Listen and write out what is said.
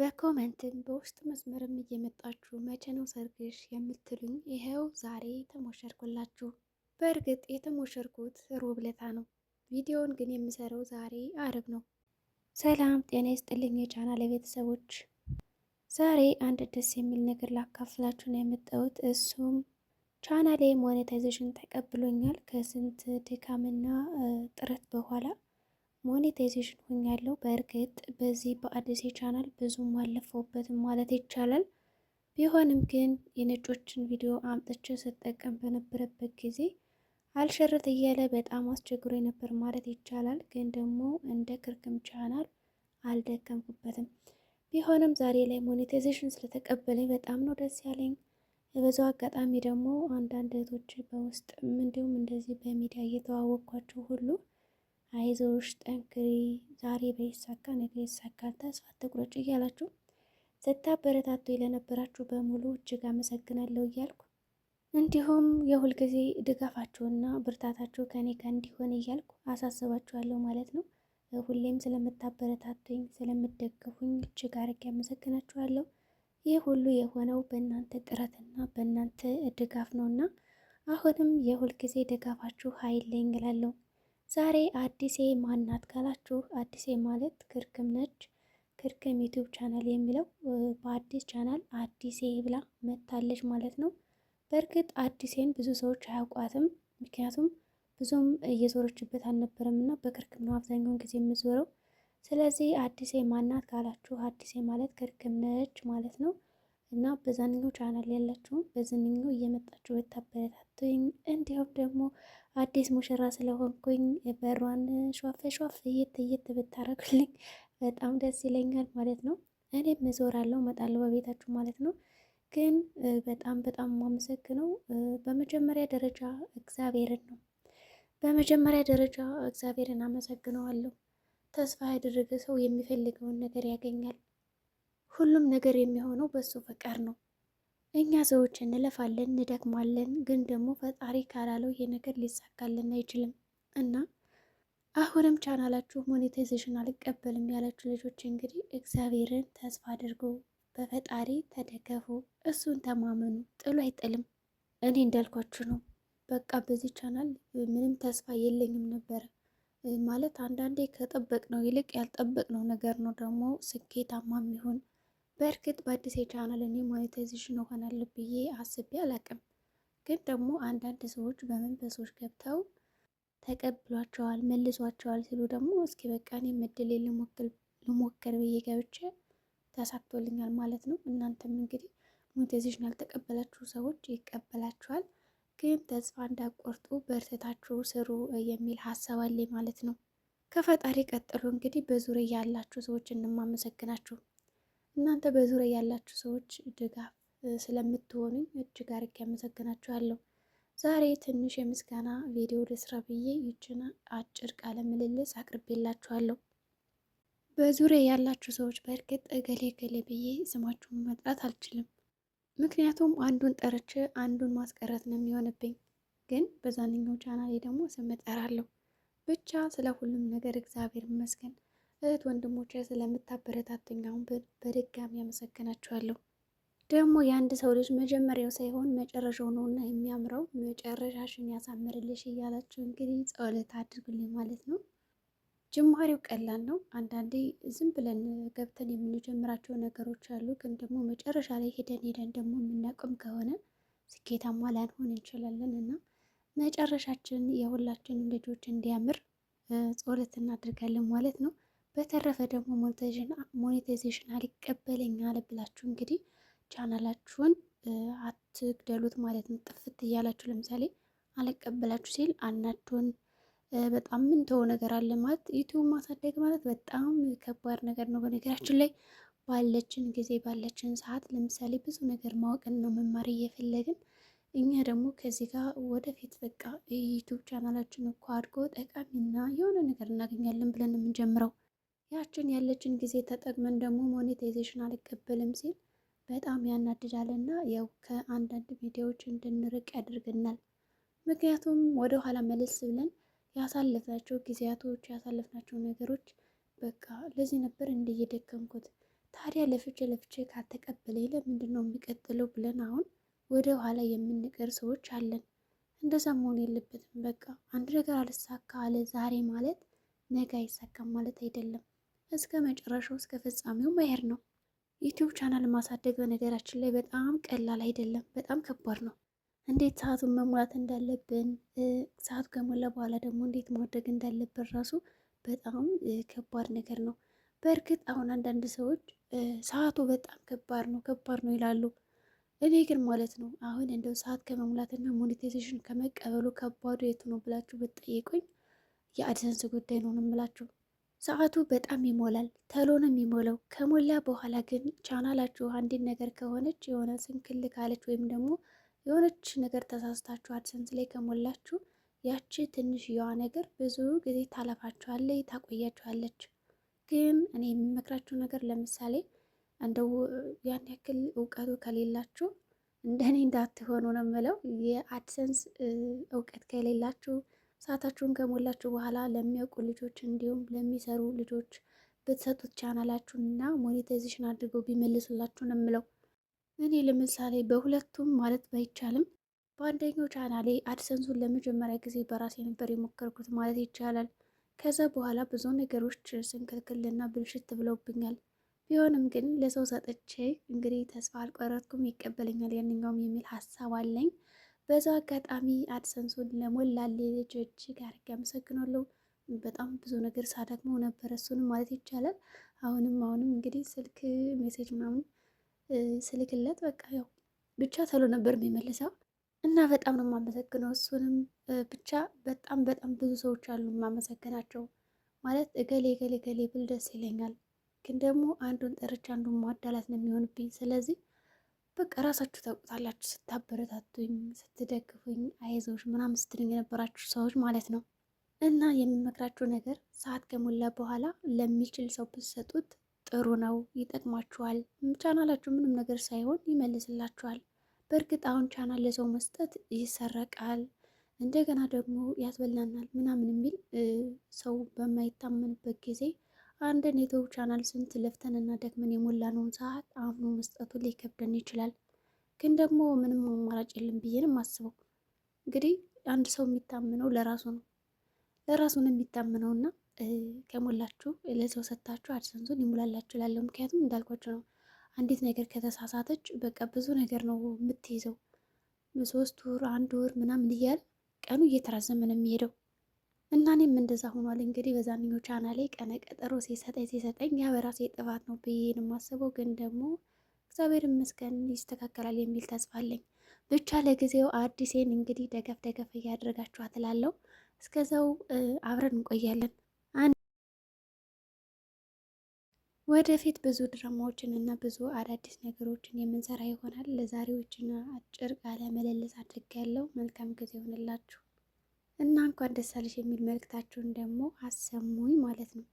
በኮመንትም በውስጥ መስመርም እየመጣችሁ መቼ ነው ሰርግሽ የምትሉኝ፣ ይኸው ዛሬ ተሞሸርኩላችሁ። በእርግጥ የተሞሸርኩት ሮብ ለታ ነው። ቪዲዮውን ግን የምሰራው ዛሬ አርብ ነው። ሰላም ጤና ይስጥልኝ የቻናል ቤተሰቦች፣ ዛሬ አንድ ደስ የሚል ነገር ላካፍላችሁ ነው የመጣሁት። እሱም ቻናሌ ሞኔታይዜሽን ተቀብሎኛል ከስንት ድካምና ጥረት በኋላ ሞኔታይዜሽን ሆኛለሁ። በእርግጥ በዚህ በአዲስ ቻናል ብዙም አለፈውበትም ማለት ይቻላል። ቢሆንም ግን የነጮችን ቪዲዮ አምጥቼ ስጠቀም በነበረበት ጊዜ አልሸርት እያለ በጣም አስቸግሮ ነበር ማለት ይቻላል። ግን ደግሞ እንደ ክርክም ቻናል አልደከምኩበትም። ቢሆንም ዛሬ ላይ ሞኔታይዜሽን ስለተቀበለኝ በጣም ነው ደስ ያለኝ። በዛው አጋጣሚ ደግሞ አንዳንድ እህቶች በውስጥም እንዲሁም እንደዚህ በሚዲያ እየተዋወቅኳቸው ሁሉ አይዞሽ፣ ጠንክሪ፣ ዛሬ በይሳካ ነገ ይሳካል፣ ተስፋ አትቁረጭ እያላችሁ ስታበረታቱ ለነበራችሁ በሙሉ እጅግ አመሰግናለሁ እያልኩ እንዲሁም የሁልጊዜ ድጋፋችሁና ብርታታችሁ ከኔ ጋር እንዲሆን እያልኩ አሳስባችኋለሁ ማለት ነው። ሁሌም ስለምታበረታቱኝ ስለምደግፉኝ እጅግ አርጌ አመሰግናችኋለሁ። ይህ ሁሉ የሆነው በእናንተ ጥረትና በእናንተ ድጋፍ ነውና አሁንም የሁልጊዜ ድጋፋችሁ ኃይል ለኝ እላለሁ። ዛሬ አዲሴ ማናት ካላችሁ አዲሴ ማለት ክርክም ነች። ክርክም ዩቲዩብ ቻናል የሚለው በአዲስ ቻናል አዲሴ ብላ መታለች ማለት ነው። በእርግጥ አዲሴን ብዙ ሰዎች አያውቋትም። ምክንያቱም ብዙም እየዞረችበት አልነበረም እና በክርክም ነው አብዛኛውን ጊዜ የምዞረው። ስለዚህ አዲሴ ማናት ካላችሁ አዲሴ ማለት ክርክም ነች ማለት ነው። እና በዛንኛው ቻናል ያላችሁም በዝንኛው እየመጣችሁ ብታበረታቱኝ እንዲሁም ደግሞ አዲስ ሙሽራ ስለሆንኩኝ በሯን ሿፍ ሿፍ እየት እየት ብታረጉልኝ በጣም ደስ ይለኛል ማለት ነው። እኔም እዞራለሁ እመጣለሁ በቤታችሁ ማለት ነው። ግን በጣም በጣም የማመሰግነው በመጀመሪያ ደረጃ እግዚአብሔርን ነው። በመጀመሪያ ደረጃ እግዚአብሔርን አመሰግነዋለሁ። ተስፋ ያደረገ ሰው የሚፈልገውን ነገር ያገኛል። ሁሉም ነገር የሚሆነው በሱ ፈቃድ ነው። እኛ ሰዎች እንለፋለን፣ እንደክማለን። ግን ደግሞ ፈጣሪ ካላለው ይሄ ነገር ሊሳካልን አይችልም እና አሁንም ቻናላችሁ ሞኔታይዜሽን አልቀበልም ያላችሁ ልጆች እንግዲህ እግዚአብሔርን ተስፋ አድርጉ፣ በፈጣሪ ተደገፉ፣ እሱን ተማመኑ። ጥሎ አይጥልም። እኔ እንዳልኳችሁ ነው። በቃ በዚህ ቻናል ምንም ተስፋ የለኝም ነበረ ማለት አንዳንዴ ከጠበቅነው ይልቅ ያልጠበቅነው ነገር ነው ደግሞ ስኬታማ የሚሆን በእርግጥ በአዲስ የቻናል እኔ ሞኔታይዜሽን እሆናለሁ ብዬ አስቤ አላቅም። ግን ደግሞ አንዳንድ ሰዎች በመንፈሶች ገብተው ተቀብሏቸዋል፣ መልሷቸዋል ሲሉ ደግሞ እስኪ በቃ እኔ ምድሌ ልሞክር ብዬ ገብቼ ተሳክቶልኛል ማለት ነው። እናንተም እንግዲህ ሞኔታይዜሽን ያልተቀበላችሁ ሰዎች ይቀበላችኋል። ግን ተስፋ እንዳቆርጡ በእርሰታችሁ ስሩ የሚል ሀሳብ አለ ማለት ነው። ከፈጣሪ ቀጥሎ እንግዲህ በዙሪያ ያላችሁ ሰዎች እንማመሰግናችሁ እናንተ በዙሪያ ያላችሁ ሰዎች ድጋፍ ስለምትሆኑኝ እጅግ አርጌ አመሰግናችኋለሁ። ዛሬ ትንሽ የምስጋና ቪዲዮ ልስራ ብዬ ይችን አጭር ቃለ ምልልስ አቅርቤላችኋለሁ። በዙሪያ ያላችሁ ሰዎች በእርግጥ እገሌ እገሌ ብዬ ስማችሁን መጥራት አልችልም። ምክንያቱም አንዱን ጠርቼ አንዱን ማስቀረት ነው የሚሆንብኝ። ግን በዛንኛው ቻናሌ ደግሞ ስም እጠራለሁ። ብቻ ስለ ሁሉም ነገር እግዚአብሔር ይመስገን። እህት ወንድሞቼ ስለምታበረታቱኝ አሁን በድጋሚ አመሰግናችኋለሁ። ደግሞ የአንድ ሰው ልጅ መጀመሪያው ሳይሆን መጨረሻው ነውና የሚያምረው መጨረሻሽን ያሳምርልሽ እያላችሁ እንግዲህ ጸሎት አድርጉልኝ ማለት ነው። ጅማሬው ቀላል ነው። አንዳንዴ ዝም ብለን ገብተን የምንጀምራቸው ነገሮች አሉ። ግን ደግሞ መጨረሻ ላይ ሄደን ሄደን ደግሞ የምናቆም ከሆነ ስኬታማ ላንሆን እንችላለን እና መጨረሻችን የሁላችንም ልጆች እንዲያምር ጸሎት እናድርጋለን ማለት ነው። በተረፈ ደግሞ ሞኔታይዜሽን አልቀበለኝ አለ ብላችሁ እንግዲህ ቻናላችሁን አትግደሉት ማለት ነው። ጥፍት እያላችሁ ለምሳሌ አልቀበላችሁ ሲል አናችሁን በጣም ምን ተው ነገር አለ ማለት ዩቲዩብ ማሳደግ ማለት በጣም ከባድ ነገር ነው። በነገራችን ላይ ባለችን ጊዜ ባለችን ሰዓት ለምሳሌ ብዙ ነገር ማወቅን ነው መማር እየፈለግን እኛ ደግሞ ከዚህ ጋር ወደፊት በቃ ዩቲዩብ ቻናላችን እኮ አድጎ ጠቃሚና የሆነ ነገር እናገኛለን ብለን የምንጀምረው ያችን ያለችን ጊዜ ተጠቅመን ደግሞ ሞኔታይዜሽን አልቀበልም ሲል በጣም ያናድዳልና ያው ከአንዳንድ ቪዲዮዎች እንድንርቅ ያደርገናል። ምክንያቱም ወደ ኋላ መለስ ብለን ያሳለፍናቸው ጊዜያቶች ያሳለፍናቸው ነገሮች በቃ ለዚህ ነበር እንደ እየደከምኩት ታዲያ ለፍቼ ለፍቼ ካልተቀበለ ለምንድን ነው የሚቀጥለው ብለን አሁን ወደ ኋላ የምንቀር ሰዎች አለን። እንደዛ መሆን የለበትም። በቃ አንድ ነገር አልሳካ አለ ዛሬ ማለት ነገ አይሳካም ማለት አይደለም። እስከ መጨረሻው እስከ ፍጻሜው መሄድ ነው። ዩቲዩብ ቻናል ማሳደግ በነገራችን ላይ በጣም ቀላል አይደለም፣ በጣም ከባድ ነው። እንዴት ሰዓቱን መሙላት እንዳለብን፣ ሰዓቱ ከሞላ በኋላ ደግሞ እንዴት ማድረግ እንዳለብን ራሱ በጣም ከባድ ነገር ነው። በእርግጥ አሁን አንዳንድ ሰዎች ሰዓቱ በጣም ከባድ ነው ከባድ ነው ይላሉ። እኔ ግን ማለት ነው አሁን እንደው ሰዓት ከመሙላትና ሞኔታይዜሽን ከመቀበሉ ከባዱ የቱ ነው ብላችሁ ብትጠይቁኝ የአድሰንስ ጉዳይ ነው የምላችሁ። ሰዓቱ በጣም ይሞላል። ተሎ ነው የሚሞላው። ከሞላ በኋላ ግን ቻናላችሁ አንድን ነገር ከሆነች የሆነ ስንክል ካለች ወይም ደግሞ የሆነች ነገር ተሳስታችሁ አድሰንስ ላይ ከሞላችሁ ያቺ ትንሽየዋ ነገር ብዙ ጊዜ ታለፋችኋለች፣ ታቆያችኋለች። ግን እኔ የሚመክራችሁ ነገር ለምሳሌ እንደው ያን ያክል እውቀቱ ከሌላችሁ እንደኔ እንዳትሆኑ ነው የምለው። የአድሰንስ እውቀት ከሌላችሁ ሰዓታችሁን ከሞላችሁ በኋላ ለሚያውቁ ልጆች እንዲሁም ለሚሰሩ ልጆች በተሰጡት ቻናላችሁን እና ሞኔታይዜሽን አድርገው ቢመልሱላችሁ ነው የምለው። እኔ ለምሳሌ በሁለቱም ማለት ባይቻልም በአንደኛው ቻናሌ አድሰንሱን ለመጀመሪያ ጊዜ በራሴ ነበር የሞከርኩት ማለት ይቻላል። ከዛ በኋላ ብዙ ነገሮች ስንክልክልና ብልሽት ብለውብኛል። ቢሆንም ግን ለሰው ሰጥቼ እንግዲህ ተስፋ አልቆረጥኩም፣ ይቀበለኛል ያንኛውም የሚል ሀሳብ አለኝ። በዛው አጋጣሚ አድሰንሱን ለሞላሌ ልጅ እጅግ አድርጌ አመሰግናለሁ። በጣም ብዙ ነገር ሳደግመው ነበር እሱንም ማለት ይቻላል። አሁንም አሁንም እንግዲህ ስልክ ሜሴጅ ምናምን ስልክለት በቃ ያው ብቻ ተሎ ነበር የሚመልሰው እና በጣም ነው የማመሰግነው እሱንም። ብቻ በጣም በጣም ብዙ ሰዎች አሉ የማመሰግናቸው ማለት እገሌ እገሌ እገሌ ብል ደስ ይለኛል፣ ግን ደግሞ አንዱን ጠርቼ አንዱን ማዳላት ነው የሚሆንብኝ ስለዚህ በቃ ራሳችሁ ታውቁታላችሁ። ስታበረታቱኝ፣ ስትደግፉኝ፣ አይዞሽ ምናምን ስትልኝ የነበራችሁ ሰዎች ማለት ነው። እና የሚመክራችሁ ነገር ሰዓት ከሞላ በኋላ ለሚችል ሰው ብትሰጡት ጥሩ ነው፣ ይጠቅማችኋል። ቻናላችሁ ምንም ነገር ሳይሆን ይመልስላችኋል። በእርግጥ አሁን ቻናል ለሰው መስጠት ይሰረቃል፣ እንደገና ደግሞ ያስበላናል ምናምን የሚል ሰው በማይታመንበት ጊዜ አንድን የዩቲዩብ ቻናል ስንት ለፍተንና ደክመን የሞላነውን ሰዓት አምኖ መስጠቱ ሊከብደን ይችላል። ግን ደግሞ ምንም አማራጭ የለም ብዬ ነው የማስበው። እንግዲህ አንድ ሰው የሚታምነው ለራሱ ነው ለራሱ ነው የሚታምነው እና ከሞላችሁ ለሰው ሰጥታችሁ አድሰንሱን ይሙላላችሁ ላለው ምክንያቱም እንዳልኳቸው ነው አንዲት ነገር ከተሳሳተች በቃ ብዙ ነገር ነው የምትይዘው። ሶስት ወር አንድ ወር ምናምን እያል ቀኑ እየተራዘመ ነው የሚሄደው። እና እኔም እንደዛ ሆኗል። እንግዲህ በዛንኛው ቻና ላይ ቀነ ቀጠሮ ሲሰጠኝ ሲሰጠኝ ያ በራሴ ጥፋት ነው ብዬ ነው የማስበው። ግን ደግሞ እግዚአብሔር ይመስገን ይስተካከላል የሚል ተስፋ አለኝ። ብቻ ለጊዜው አዲሴን እንግዲህ ደገፍ ደገፍ እያደረጋችሁ አትላለው። እስከዛው አብረን እንቆያለን። ወደፊት ብዙ ድራማዎችን እና ብዙ አዳዲስ ነገሮችን የምንሰራ ይሆናል። ለዛሬዎችን አጭር ቃለ ምልልስ አድርጌያለሁ። መልካም ጊዜ ይሆንላችሁ። እና እንኳን ደስ አለሽ የሚል መልእክታችሁን ደግሞ አሰሙኝ ማለት ነው።